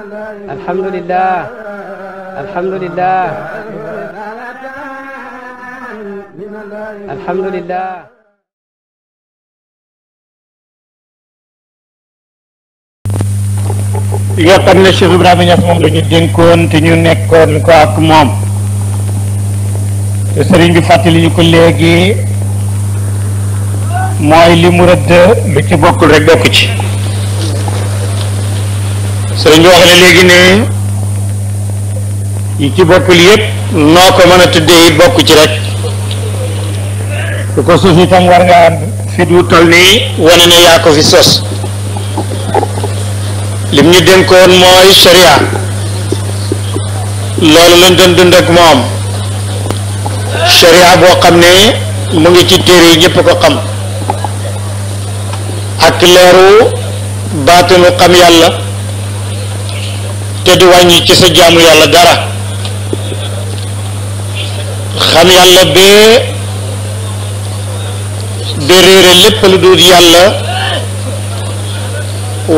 alhamdulillah alhamdulillah alhamdulillah li nga xam ne Cheikh Ibrahima Niass moom la ñu dénkoon te ñu nekkoon ko ak moom te sëriñ bi fàttali ñu ko léegi mooy li mu rëdd lu ci bokkul rek bokk ci sëriñ bi wax na léegi ne yi ci bokkul yëpp noo ko mën a tuddee yi bokk ci rek su ko suuf itam war nga fit wu nii wane ne yaa ko fi sos lim ñu dénkoon mooy sharia loolu lañ doon dund ak moom sharia boo xam ne mu ngi ci téere yi ñëpp ko xam ak leeru baatinu xam yàlla te du wàññi ci sa jaamu yàlla dara xam yàlla bee ba réere lépp lu dul yàlla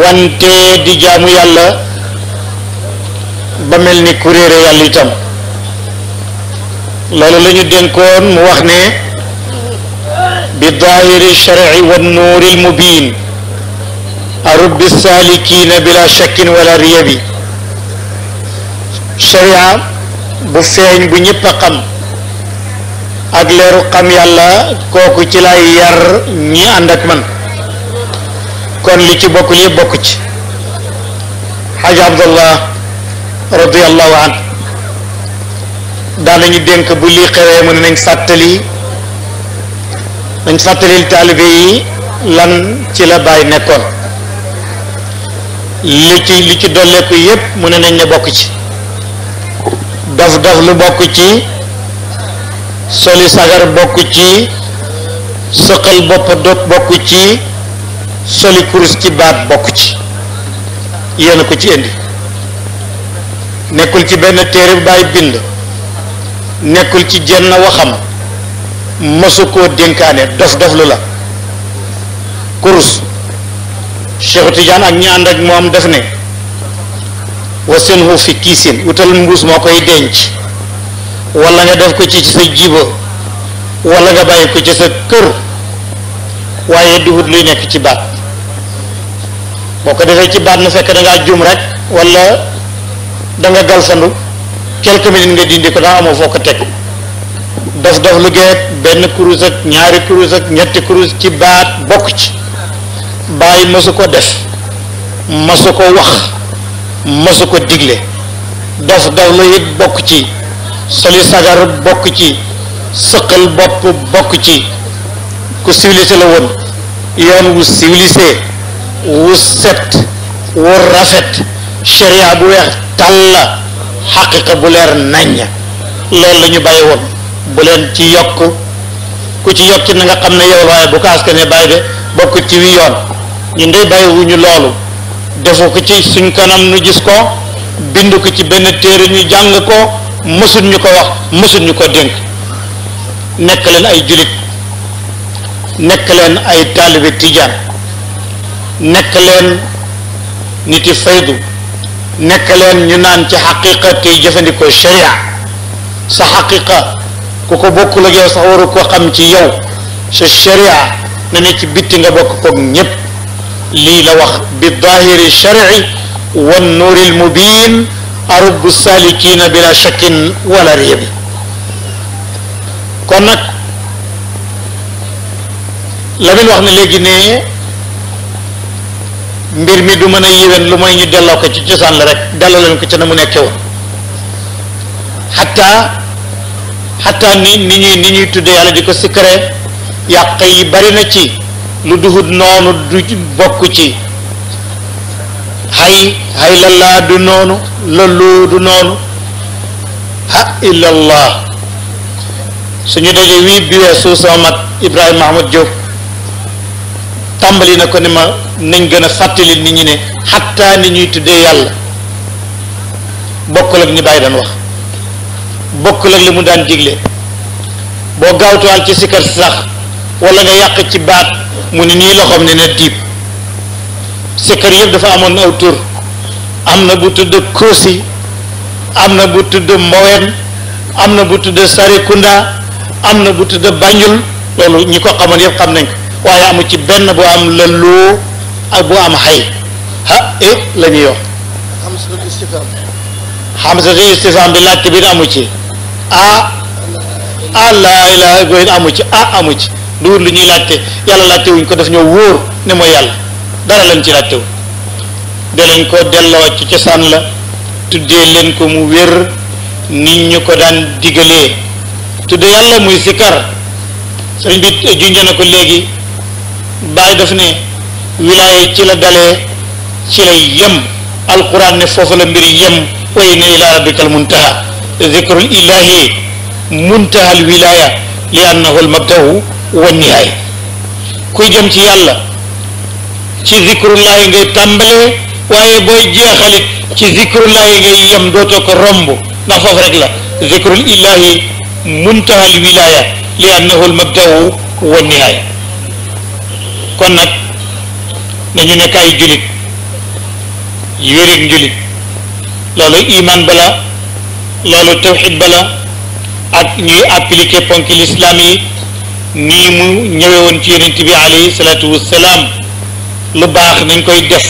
wante di jaamu yàlla ba mel ni ku réere yàlla itam loolu la ñu dénkoon mu wax ne bi daahiri sharci wa nuuri almubin arubbi saalikiina bila shakkin wala riyabi sariya bu feeñ bu ñëpp xam ak leeru xam yàlla kooku ci lay yar ñi ànd ak man kon li ci bokkul yëpp bokku ci xaj abdallah radiallahu an daanañu dénk bu lii xewee mu ne nañ fàttali dañ fàttalil taalibe yi lan ci la bàyyi nekkoon lu ci li ci dolleeku yëpp mu ne nañ ne bokk ci dof dof lu bokk ci soli sagar bokk ci sëqal bopp dot bokk ci soli kurus ci baat bokk ci yéen ko ci indi nekkul ci benn téere bàyyi bind nekkul ci jenn waxam mësu koo dénkaane dof dof lu la kurus Cheikh Tidiane ak ñi ànd ak moom def ne wasinhu fi kiisin wutal mbuus moo koy denc wala nga def ko ci sa jiba wala nga bàyyi ko ci sa kër waaye duhut luy nekk ci baat boo ko defee ci baat na fekk dangaa ngaa jum rek wala danga nga galsandu quelques minutes nga dindi ko daa amoo foo ko teg dof dof lu benn kurus ak ñaari kurus ak ñetti kurus ci baat bokk ci bàyyi masu ko def masu ko wax mësu ko digle dof dof lu it bokk ci soli sagar bokk ci sëqal bopp bokk ci ku civilisé la woon yoon wu civilisé wu set wu rafet sharia bu weex tàll la xaqiqa bu leer naññ loolu la ñu bàyyi woon bu leen ci yokk ku ci yokk na nga xam ne yow waaye bu kaas ka ne bàyyi de bokk ci wi yoon ñu ndey bàyyi wu ñu loolu defu ko ci suñ kanam nu gis ko bind ko ci benn téere ñu jàng ko mësul ñu ko wax mësul ñu ko dénk nekk leen ay julit nekk leen ay taalibe tijaan nekk leen niti faydu nekk leen ñu naan ci xaqiqa tey jëfandikoo sharia sa xaqiqa ku ko bokkul ak yow sax waru ko xam ci yow sa sharia na ne ci bitti nga bokk koog ñépp lii la wax bi dahiri sharci wan nuuri lmubin arubbu salikina bila shakkin wala riib kon nag la wax na léegi ne mbir mi du mën a yiwén lu may ñu delloo ko ci cosaan la rek delloo leen ko ci na mu nekke woon xataa xataa ni ni ñuy ni ñuy tudde yàlla di ko sikkare yàq yi bari na ci lu duhut noonu du bokk ci hay hay lallaa du noonu lalloo du noonu ha illallah suñu daje wii bi weesu sama mag Ibrahima Ahmad Diop tàmbali na ko ni ma nañ gën a fàttali nit ñi ne xattaa ni ñuy tuddee yàlla bokk ak ñi bàyyi daan wax bokkul ak li mu daan digle boo gaawtuwaan ci sikar sax wala nga yàq ci baat mu ne nii loxoom ne na diib sikkar yëpp dafa amoon aw tur am na bu tudd kursi am na bu tudd mbowen am na bu tudd sarikunda am na bu tudd banjul loolu ñi ko xamoon yëpp xam nañ ko waaye amu ci benn bu am lëlloo ak bu am xay ha e la ñuy wax xamsatul istifham bi laajte bi amu ci a a laa ilaa goyin amu ci a amu ci duur li ñuy laajte yàlla laajte wuñ ko def ñoo wóor ne mooy yàlla dara lañ ci laajte wu dalañ ko delloo ci cosaan la tuddee leen ko mu wér nit ñu ko daan digalee tudde yàlla muy sikar sëriñ bi junjee na ko léegi bàyyi daf ne wilaaya ci la dalee ci la yem alquran ne foofu la mbir yem wa inna ila rabbikal muntaha zikrul ilahi muntahal wilaya li annahu al mabdahu wan nihaaya kuy jëm ci yàlla ci zikrullahi ngay tàmbalee waaye booy jeexalit ci zikrullahi ngay yem dootoo ko romb ndax foofu la zikrul illahi muntaha al wilaya li annahu al mabdau wa nihaaya kon nag nañu nekk ay julit yérit njulit loolu iman bala loolu tawxid bala ak ñuy appliqué ponk l'islam nii mu ñëwee woon ci yonent bi alayhi salaatu wassalaam lu baax nañ koy def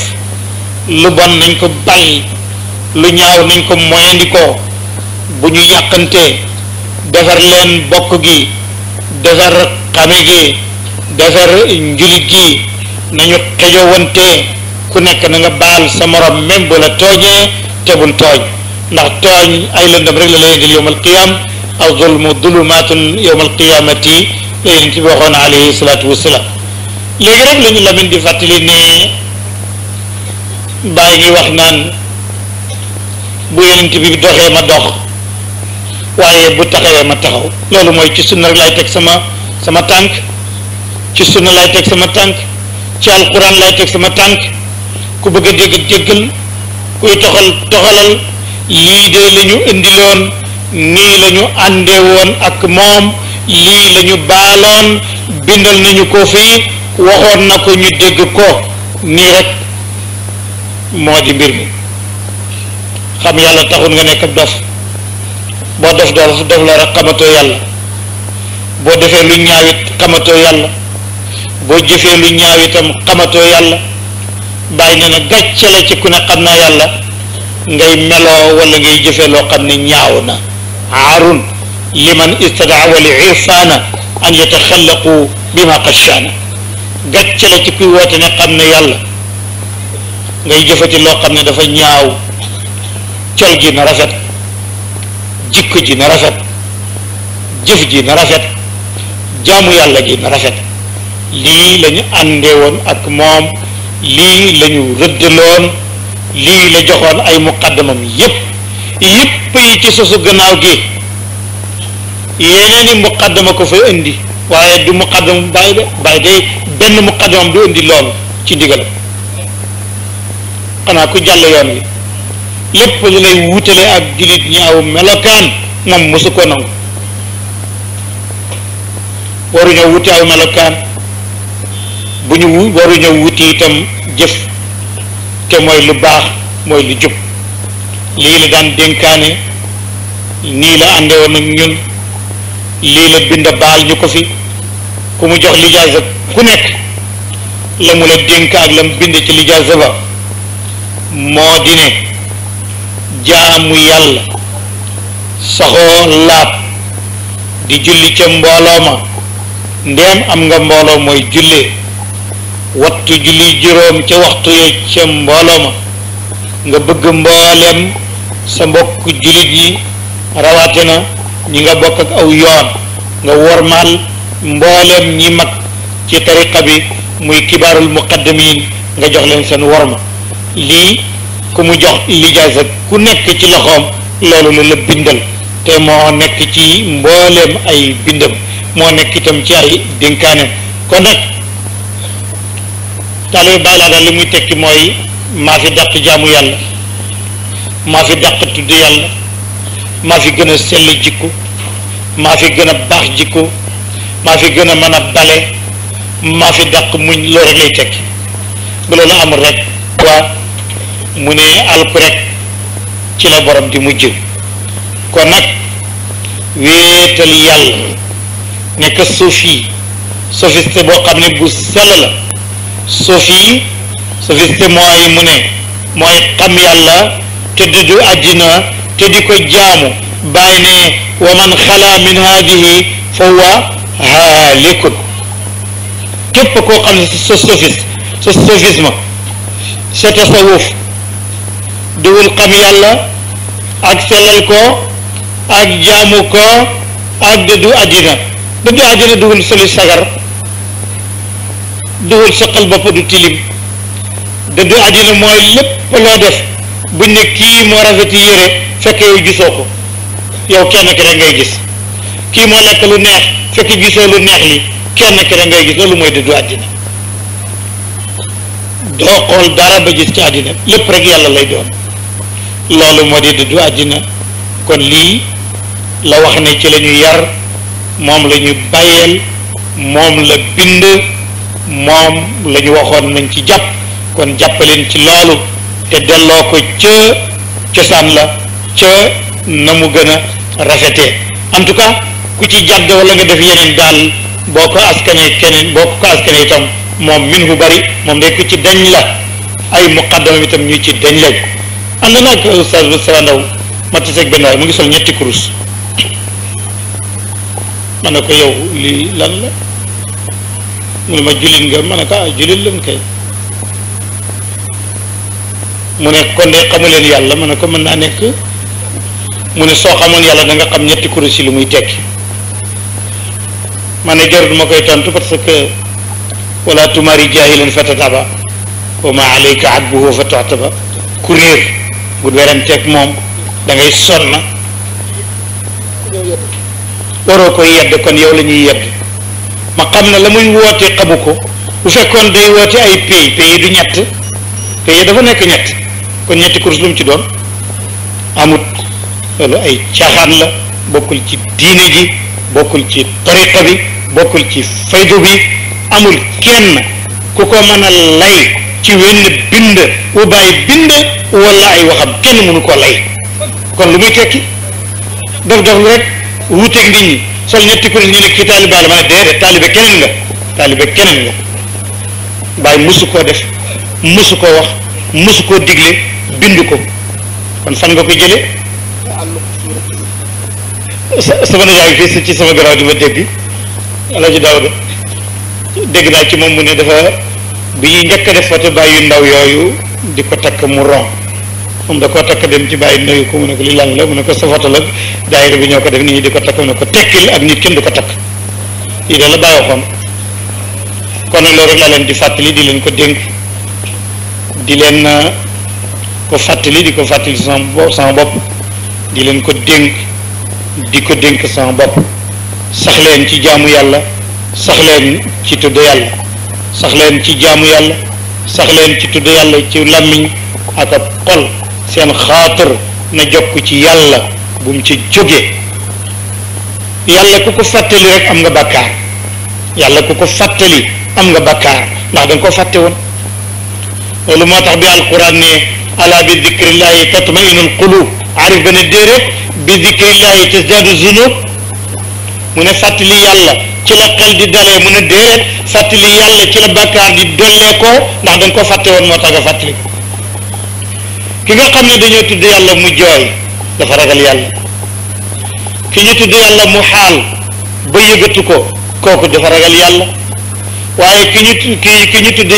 lu bon nañ ko bàyyi lu ñaaw nañ ko moyandikoo bu ñu yàqantee defar leen bokk gi defar xame gi defar njulit gi nañu xejowantee ku nekk na nga baal sa morom même bu la tooñee te bul tooñ ndax tooñ ay lëndam rek la lay indil yowmal qiyaam aw zulmu dulumaatun yowmal qiyaamati yonent bi salaatu wasalaam léegi rek lañu lamin di fàttali ne bàyyi ngi wax naan bu yonent bi doxee ma dox waaye bu taxawee ma taxaw loolu mooy ci sunna rek laay teg sama sama tànk ci sunna laay teg sama tànk ci alquran lay teg sama tànk ku bëgg a dégg déggal kuy toxal toxalal lii de la ñu indiloon nii la ñu àndewoon ak moom lii lañu ñu baaloon bindal nañu ko fii waxoon na ko ñu dégg ko nii rekk moo di mbir mi xam yàlla taxul nga nekk dof boo dof dof dof la rek xamatoo yàlla boo defee lu ñaawit xamatoo yàlla boo jëfee lu ñaawitam xamatoo yàlla bàyyi na na gàcce la ci ku ne xam naa yàlla ngay meloo wala ngay jëfee loo xam ne ñaaw na aarun liman istadaa wa li irsaana an yataxallaqu bima xashaana gàcce la ci kuy woote ne xam ne yàlla ngay jëfati loo xam ne dafa ñaaw col gi na rafet jikko ji na rafet jëf ji na rafet jaamu yàlla gi na rafet lii la ñu ak moom lii lañu ñu rëddaloon lii la joxoon ay muqaddamam yépp yépp yi ci sosu gannaaw gi yeneen i muqaddama ko fa indi waaye du muqaddama bu bàyyi de bàyyi day benn muqaddama du indi loolu ci ndigal xanaa ku jàll yoon wi lépp lu lay wutale ak jullit ñi aw melokaan moom mosu ko nangu waruñoo wuti aw melokaan bu ñu waruñoo wuti itam jëf te mooy lu baax mooy lu jub lii la daan dénkaane nii la àndewoon ak ñun lii la bind baal ñu ko fi ku mu jox lijaasa ku nekk la mu la dénk ak la mu bind ci lijaasa ba moo di ne jaamu yàlla saxoo laab di julli ca mbooloo ma ndéem am nga mbooloo mooy jullee wattu julli juróom ca waxtu ya ca mbooloo ma nga bëgg mbooleem sa mbokk jullit yi rawaate na ñi nga bokk ak aw yoon nga wormaal mbooleem ñi mag ci tariqa bi muy kibaarul muqaddamin nga jox leen seen worma lii ku mu jox lijaasa ku nekk ci loxoom loolu la la bindal te moo nekk ci mbooleem ay bindam moo nekk itam ci ay dénkaane kon nag taalibe Baay Laay daal li muy tekki mooy maa fi dàq jaamu yàlla maa fi dàq tudd yàlla maa fi gën a sell jikko maa fi gën a baax jikko maa fi gën a mën a bale maa fi dàq muñ loolu rek lay tekki bu loolu amul rek waa mu ne alku rek ci la borom di mujj kon nag wéetal yàlla nekk sofi sofiste boo xam ne bu sell la sofi sofiste mooy mu ne mooy xam yàlla te dudu àddina te di ko jaamu bàyyi ne wa man min haadihi fa huwa haalikun képp koo xam ne sa sophisme duwul xam yàlla ak sellal ak jaamu ko ak dëddu àddina dëddu duwul soli sagar duwul soqal bopp du tilim dëddu mooy lépp loo def ne kii moo rafeti yére fekk yow gisoo ko yow kenn ki ngay gis kii moo lekk lu neex fekk gisoo lu neex li kenn ki ngay gis loolu mooy dëddu àddina doo dara ba gis ci àddina lépp rek yàlla lay doon loolu moo di dëddu àddina kon lii la wax ne ci la yar moom la ñu bàyyeel moom la bind moom la waxoon nañ ci jàpp kon jàppaleen ci loolu te delloo ko ca cosaan la ca na mu gën a rafetee en tout cas ku ci jàgg wala nga def yeneen daal boo ko askanee keneen boo ko askanee itam moom min hu bari moom day ku ci deñ la ay muqaddama bi tam ñu ci dañ lañ ànd naa ak ustaas bu Ndaw ma ak benn waay mu ngi sol ñetti kurus ma na ko yow lii lan la mu ne ma jullit nga mën ne ko ah jullit la mu kay mu ne kon de xamu leen yàlla mën na ko mën naa nekk mu ne soo xamoon yàlla da nga xam ñetti kurus yi lu muy tekki ma ne jarut ma koy tontu parce que wala tumaari jaahilan fatataba wa ma alayka adbuhu moom da ngay sonn waroo koy yedd kon yow la ñuy yedd la muy xamu ko bu fekkoon day woote ay pays pays dafa nekk ñett kon ñetti kurus lu mu ci doon amut loolu ay caaxaan la bokkul ci diine ji bokkul ci tariqa bi bokkul ci faydu bi amul kenn ku ko mën a lay ci wenn bind wu bind wala ay waxam kenn mënu ko lay kon lu muy tekki dof dof rek wuuteeg nit ñi sol ñetti kuréel ñu ne kii taalibe la ma ne déedéet taalibe keneen nga taalibe keneen nga bàyyi musu koo def musu ko wax musu koo digle bind ko kon fan nga ko jëlee sama nijaay fii ci sama garaaw di ma dégg El Hadj Daouda dégg naa ci moom mu ne dafa bi ñuy njëkk a def foto bàyyi ndaw yooyu di ko takk mu ron moom da koo takk dem ci bàyyi nuyu ko mu ne ko li lan la mu ne ko sa foto la daayira bi ñoo ko def nit ñi di ko takk mu ne ko tekkil ak nit kenn du ko takk yi da la bàyyi waxoon kon nag loolu laa leen di fàttali di leen ko dénk di leen ah, ko fàttali di ko fàttali sama bopp sama bopp di leen ko dénk di ko dénk sama bopp sax leen ci jaamu yàlla sax leen ci tudd yàlla sax leen ci jaamu yàlla sax leen ci tudd yàlla ci làmmiñ ak ab xol seen xaatir na jokk ci yàlla bu mu ci jógee yàlla ku ko fàttali rek am nga bàkkaar yàlla ku ko fàttali am nga bàkkaar ndax danga ko fàtte woon loolu moo tax bi alquran ne ala bi dikrillahi tatmainul qulub arif ba ne déedéet bi zikrillahi tasdaadu zunub mu ne fàttali yàlla ci la xel di dalee mu ne déedéet fàttali yàlla ci la bakkaar di dollee ko ndax dañ ko fàtte woon moo tax a fàttali ki nga xam ne dañoo tudd yàlla mu jooy dafa ragal yàlla ki ñu tudd yàlla mu xaal ba yëgatu ko kooku dafa ragal yàlla waaye ki ñu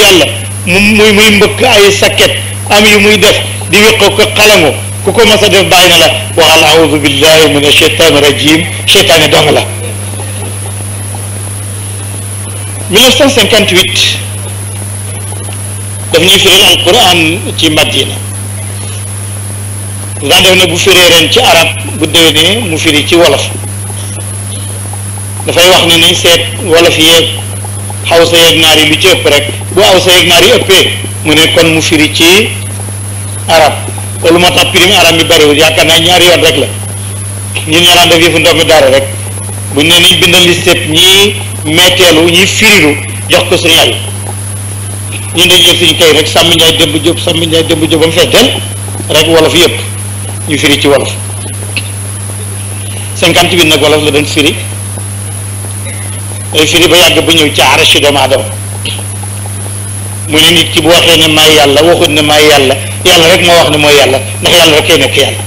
mu muy mbëkk ay sakket am yu muy def di wéqoo ko xalangu ku ko mas a def bàyyi na la waxal aoudu billahi min asheytaani rajim cheytaani dong la daf ñuy firil alquran ci Madina daan def ne bu firee ci arab bu déwénee mu firi ci wolof dafay wax ne nañ seet wolof yeeg xawsa yeeg naar yi lu ci ëpp rek bu xawsa yeeg naar yi ëppee mu ne kon mu firi ci arab loolu moo tax prime aram bi bariwul yaakaar naa ñaari yoon rek la ñun ñoo daan def yëfu ndox mi daara rek buñ ne niñ bindal li sëpp ñii metteelu ñii firilu jox ko suñu kay rek sàmm njaay démb jóob sàmm njaay démb jóob ba mu fees rek wolof yëpp ñu firi ci wolof cinquante bi nag wolof la doon firi firi ba yàgg ba ñëw ci arashi doomu aadama mu ne nit ki bu waxee ne maay yàlla waxut ne maay yàlla yàlla rek moo wax ne mooy yàlla ndax yàlla rek kay nekk yàlla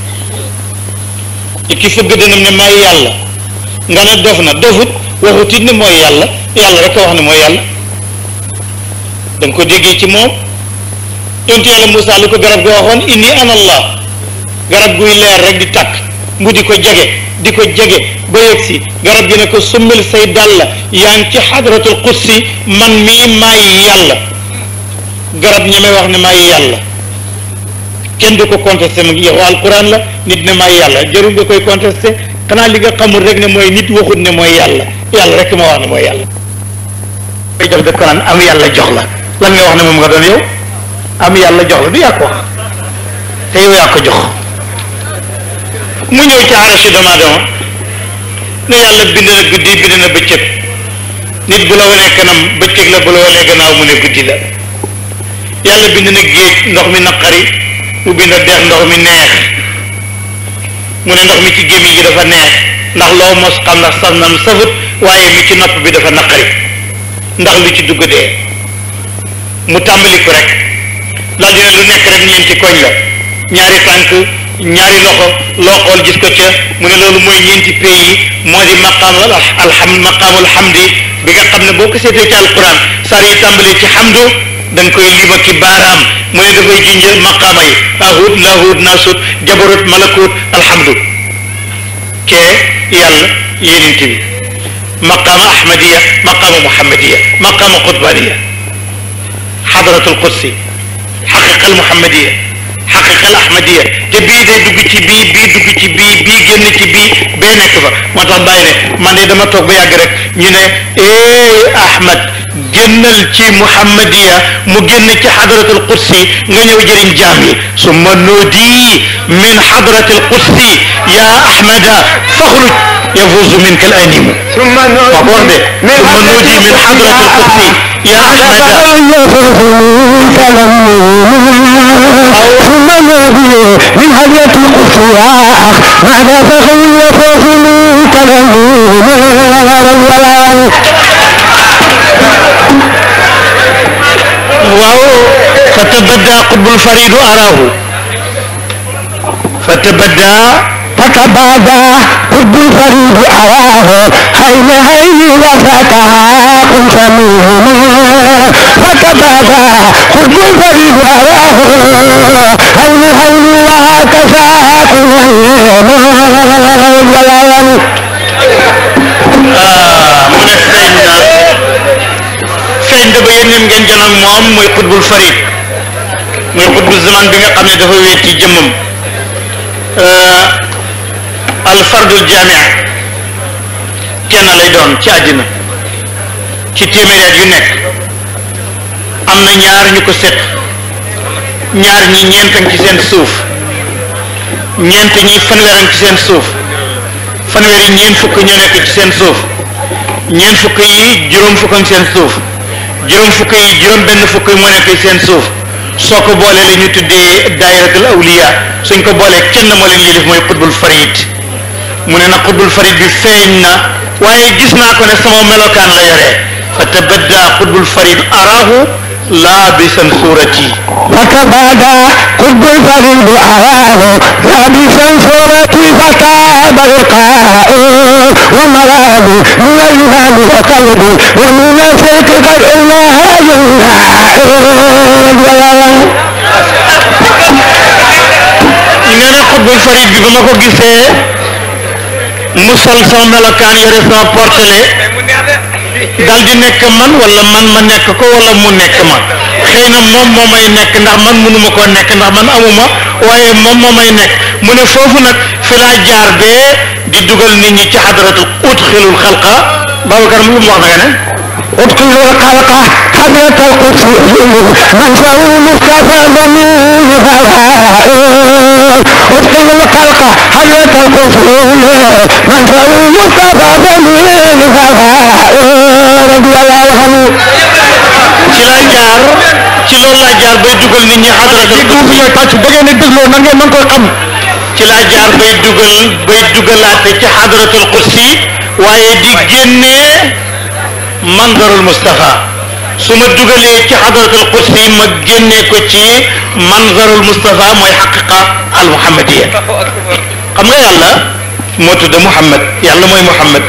yàlla nga ne na dofut waxut mooy yàlla yàlla rek a wax ne mooy yàlla danga ko déggee ci moom yontu yàlla Moussa lu ko garab goo waxoon inni ana allah garab guy leer rek di tàkk mu di ko jege di ko jege ba yegg garab gi ne ko summil say dàll yaa ci xadratul qudsi man mii maay yàlla garab ñi may wax ne may yàlla kenn du ko contesté mu ngi yow alquran la nit ne may yàlla jërul nga koy contesté xanaa li nga xamul rek ne mooy nit waxut ne mooy yàlla yàlla rek ma wax ne mooy yàlla koy ko am yàlla jox la lan nga wax ne moom nga doon yow am yàlla jox la du yaa ko wax te yow yaa jox mu ñëw ci arasu doomu aadama ne yàlla bind na guddi bind na bëccëg nit bu la wanee kanam bëccëg la bu la wanee gannaaw mu ne guddi la yàlla bind na géej ndox mi naqari ubbi na def ndox mi neex mu ne ndox mi ci gémmiñ gi dafa neex ndax loo mos xam na saf nam safut waaye li ci nopp bi dafa naqari ndax lu ci dugg dee mu tàmbali ko rek daal dina lu nekk rek ñeenti koñ la ñaari tànk ñaari loxo loo xool gis ko ca mu ne loolu mooy ñeenti pays yi moo di maqaamul alxam maqaamul xamdi bi nga xam ne boo ko seetee ci alquran sar yi tàmbalee ci xamdu danga koy lima ki baaraam mu ne dafay jinjël maqaama yi ahut nasut jabarut malakut alhamdu kee yàlla yénent bi maqaama ahmadiya maqaama muhammadiya maqaama qutbaniya xadratul qudsi xaqiqal muhammadiya xaqiqal ahmadiya te bii day dugg ci bii bii dugg bii bii génn ci bii bee nekk fa moo tax bàyyi ne man de dama toog ba yàgg rek ñu ne eh génnal ci muhammadiya mu génn ci xadratul qudsi nga ñëw jëriñ jaam yi summa nuudi min xadratil qudsi ya ahmada faxruj yafuuzu minka al animu summa nuudi min xadratil qudsi ya ahmada ثم نبي من هدية القدس يا أخ ماذا فخر وفوز من كلامه waaw fa tabadda qutbul faridu araahu fa tabadda فتبادى قد الفريد أراه هين هين وفتاه سميهما فتبادى قد الفريد أراه هين هين وتساءل ويما mu ne feeñ na feeñ dafa yéen ngeen jël ak moom muy xutbul farid muy xutbu zaman bi nga xam ne dafa wéet ci jëmmam euh, alfardul jaamia kenn lay doon ci àddina ci téeméeri at yu nekk am na ñaar ñu ko set ñaar ñi ñeentañ ci seen suuf ñeent ñi fanweerañ ci seen suuf fanweeri ñeent fukk ñu nekk ci seen suuf ñeent fukk yi juróom fukkañ seen suuf juróom fukk yi juróom benn fukk yi mu nekk seen suuf soo ko boolee li ñu tuddee daayiratul awliya suñ ko boolee kenn moo leen lii def mooy xutbul farid mu ne na xutbul farid bi feeñ na waaye gis naa ko ne sama melokaan la yore fa tabadda xutbul farid arahu laabisan suurati fakabaada qutbul falil bu awaahu laabisan suurati fataaba liqaa'u wa maraadu min almaali wa qalbi wa min alfilki qad ilaahu nee na xutbul farid bi ba ma ko gisee mu sol sama melokaan yore sama portele dal di nekk man wala man ma nekk ko wala mu nekk ma xëy na moom moo may nekk ndax man mënuma ko nekk ndax man amuma waaye moom moo may nekk mu ne foofu nag fi jaar bee di dugal nit ñi ci xadratu ut xilul xalqa Babacar mu lu mu wax da ابتلوا الخلق حضرة القدس من فهو مصطفى ضمير فوائد ابتلوا الخلق حضرة القدس من فهو مصطفى ضمير فوائد رضي الله عنه ci la jaar ci loolu la jaar bay dugal nit ñi xadra déglu bu ñooy tàcc ba ngeen di dégloo na ngeen mën koy xam ci la jaar bay dugal bay dugalaate ci xadratul qudsi waaye di génnee mandarul mustafa su ma dugalee ci xadratul qudsi ma génnee ko ci mandarul mustafa mooy xaqiqa al muhammadiya xam nga yàlla moo tudda muhammad yàlla mooy muhammad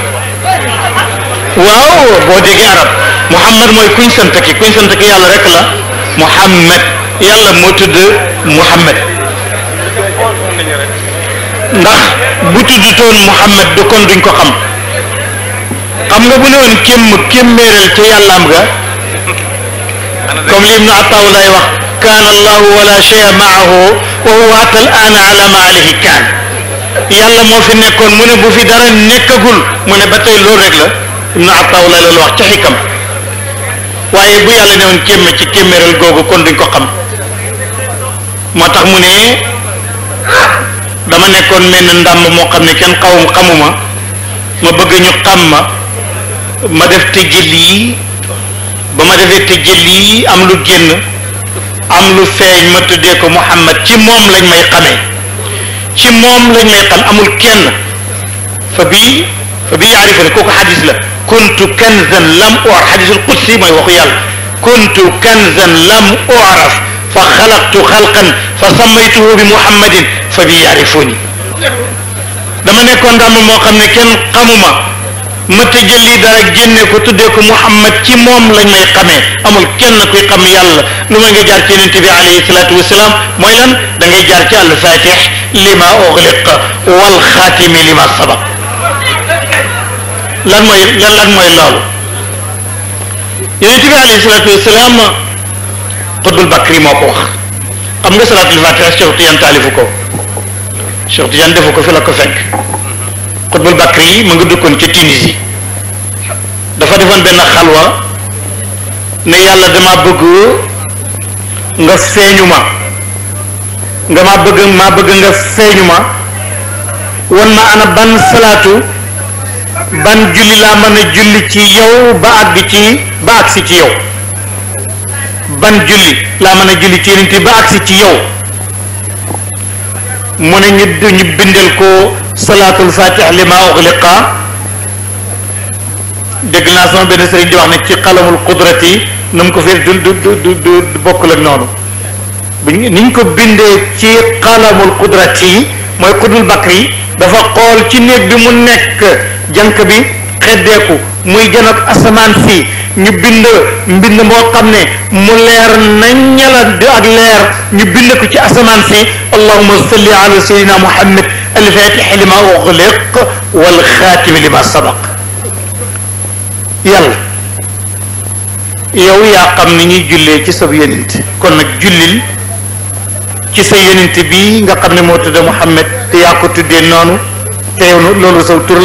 waaw boo déggee arab muhammad mooy kuñ sant ki kuñ sant ki yàlla rek la muhammad yàlla moo tudd muhammad ndax bu tuddutoon muhammad du kon duñ ko xam xam nga bu ne woon kémm kémméeral ca yàllaam ga comme li Ibnu Ataaw lay wax kaan allahu wala cheya maahu wa huwa ma alayhi kaan yàlla moo fi nekkoon mu ne bu fi dara nekkagul mu ne ba tey loolu rek la Ibnu Ataaw la loolu wax ca xikam waaye bu yàlla ne woon kémm ci kémméeral googu kon duñ ko xam moo tax mu ne dama nekkoon mel ni ndàmm moo xam ne kenn xawum xamuma ma bëgg ñu xam ma def te jël yi ba ma defee te jël yi am lu génn am lu feeñ ma tuddee ko Muhammad ci moom lañ may xamee ci moom lañ may xam amul kenn fa bii fa bii yaarifa ne kooku xadis la kuntu kanzan lam or xadisul qudsi mooy waxu yàlla kuntu kanzan lam oraf fa xalaqtu xalqan fa sammaytuhu bi muhammadin fa bii yaarifuni dama nekkoon damm moo xam ne kenn xamuma ma tëjël lii dara génne ko tuddee ko Muhammad ci moom lañ may xamee amul kenn kuy xam yàlla lu ma nga jaar ci yonent bi alayhi salaatu wasalaam mooy lan da ngay jaar ci alfatix lima uxliq wal xaatimi lima sabaq lan mooy lan lan mooy loolu yonent bi alayhi salaatu wasalaam xutbul bakri moo ko wax xam nga salaatul fatiha Cheikh Tidiane taalifu ko Cheikh Tidiane defu ko fi la ko fekk xutbul bakri yi mu ngi dëkkoon ca Tunisie defoon benn xalwa ne yàlla dama bëgg nga feeñu ma nga ma bëgg ma bëgg nga feeñu ma wan ma ana ban salaatu ban julli laa mën a julli ci yow ba àgg agsi ci yow ban julli laa mën a julli ci yeneen ba agsi ci yow mu ne ñu ñu bindal ko salaatul fatih li ma uxliqa dégg naa sama benn sëriñ wax ne ci xalamul qudrat yi nu ko firi du du du ko bindee ci xalamul qudrat yi mooy xudul bakk yi dafa xool ci néeg bi mu nekk jànk bi xeddeeku mooy gën ak asamaan fii ñu bind mbind moo xam ne mu leer nañ la di ak leer ñu bind ci asamaan si allahuma salli ala sayyidina muhammad alfatixi li ma uxliq walxaatimi li ma sabaq yàlla yow yaa xam ni ñuy jullee ci sa yonent kon nag jullil ci sa yonent bi nga xam ne moo tudde Muhammad te yaa ko tuddee noonu te yow loolu saw tur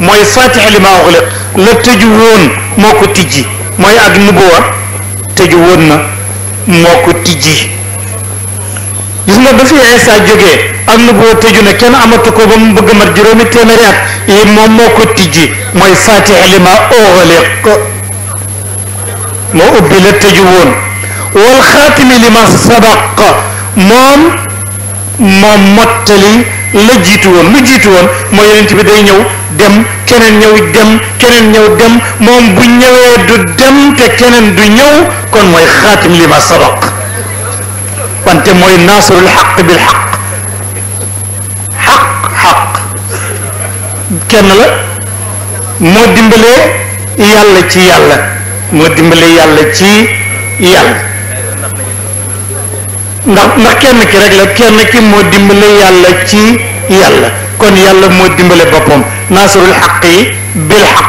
mooy faatix li maa uxliq tëju woon moo ko tijji mooy ak nubuwa tëju woon na moo ko tijji gis nga ba fi Isa jógee am na boo tëju ne kenn amatu ko ba mu bëgg mat juróomi téeméeri yi moom moo ko tijji mooy faatix li ma uxliq moo ubbi la tëju woon wal xaatimi li ma sabaq moom moom mottali la jiitu woon lu jiitu woon mooy yonent bi day ñëw dem keneen ñëw dem keneen ñëw dem moom bu ñëwee du dem te keneen du ñëw kon mooy xaatim li ma sabaq wante mooy naasarul xaq bil xaq xaq xaq kenn la moo dimbalee yàlla ci yàlla moo dimbalee yàlla ci yàlla ndax ndax kenn ki rek la kenn ki moo dimbale yàlla ci yàlla kon yàlla moo dimbale boppam naasarul xaq yi bil xaq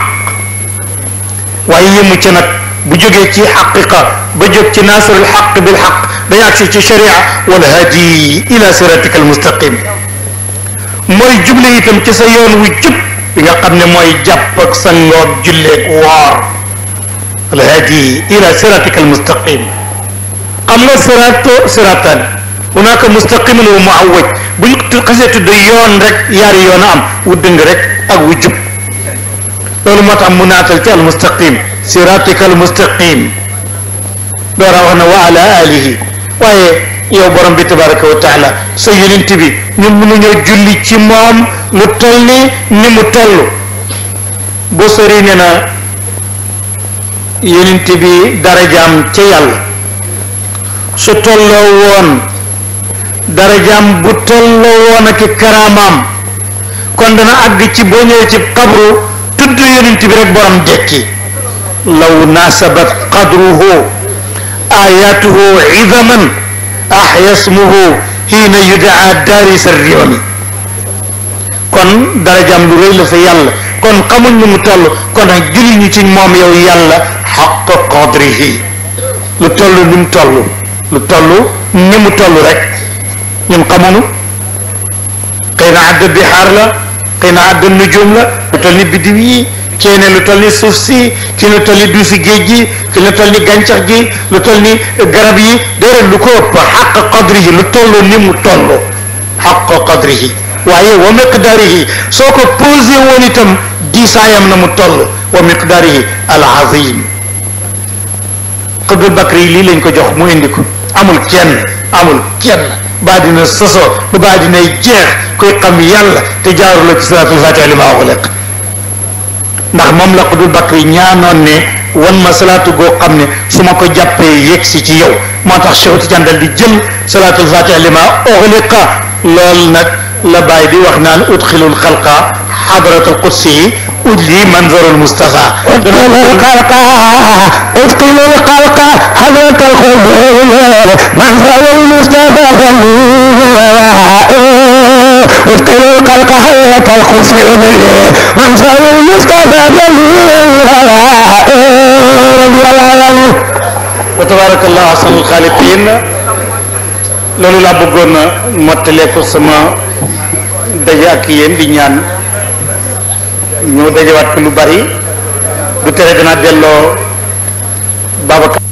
waaye yëmu ci nag bu jógee ci xaqiqa ba jóg ci naasirul xaq bil xaq day agsi ci sharia wal hadi ila siratika al mustaqim mooy juble itam ci sa yoon wu jub bi nga xam ne mooy jàpp ak sangoog julleeg woor al hadi ila siratika al mustaqim xam nga sirato siratan hunaka mustaqimun wa muawaj bu ñu xasee tudd yoon rek yaari yoon a am wu dëng rek ak wu jub loolu moo tax mu naatal ci al mustaqim siratika almustaqim doora wax na wa ala alihi waaye yow borom bi tabaraka wa taala sa yonent bi ñun mënuñoo julli ci moom lu toll ni ni mu toll boo sori ne na yonent bi darajaam ca yàlla su tolloo woon darajaam bu tolloo woon ak karaamaam kon dana àgg ci boo ci xabru tudd yonent bi rek borom dekki law naasabat qadruhu ayatuhu idaman ahya ismuhu hiina yudaa daari sarrioni kon darajam lu rëy la fa yàlla kon xamuñ nu mu toll kon ak juli ñu ci moom yow yàlla xaq qadrihi lu toll ni mu toll lu toll ni mu toll rek ñun xamuñu xëy na àdd bixaar la xëy na àdd nujum la lu toll ni biddiw yi ci ne lu toll ni suuf si ci lu toll ni duusi géej gi ci lu toll ni gàncax gi lu toll ni garab yi déedéet lu ko ëpp xaq qadri yi lu toll ni mu toll xaq qadri yi waaye wa miqdaarihi soo ko posé woon itam diisaayam na mu toll wa miqdaarihi al azim Xutbul Bakri yi lii lañ ko jox mu indi ko amul kenn amul kenn baa dina soso ba baa dinay jeex kuy xam yàlla te jaaruloo ci salaatul fatiha li maa ndax moom la Abul Bakri ñaanoon ne wan ma salaatu goo xam ne su ma ko jàppee yegg si ci yow moo tax Cheikh Tidiane dal di jël salaatul fatiha lima ughliqa lool nag la bàyyi di wax naan udxilul xalqa xadratul qudsi yi ujli manzarul mustafa udxilul xalqa udxilul xalqa xadratul qudsi manzarul mustafa اتقن القلق حية القدس إليه وانصر المصطفى loolu laa bëggoon a mottalee sama daje ak yéen di ñaan ñoo dajewaat ko lu bari du tere danaa delloo Babacar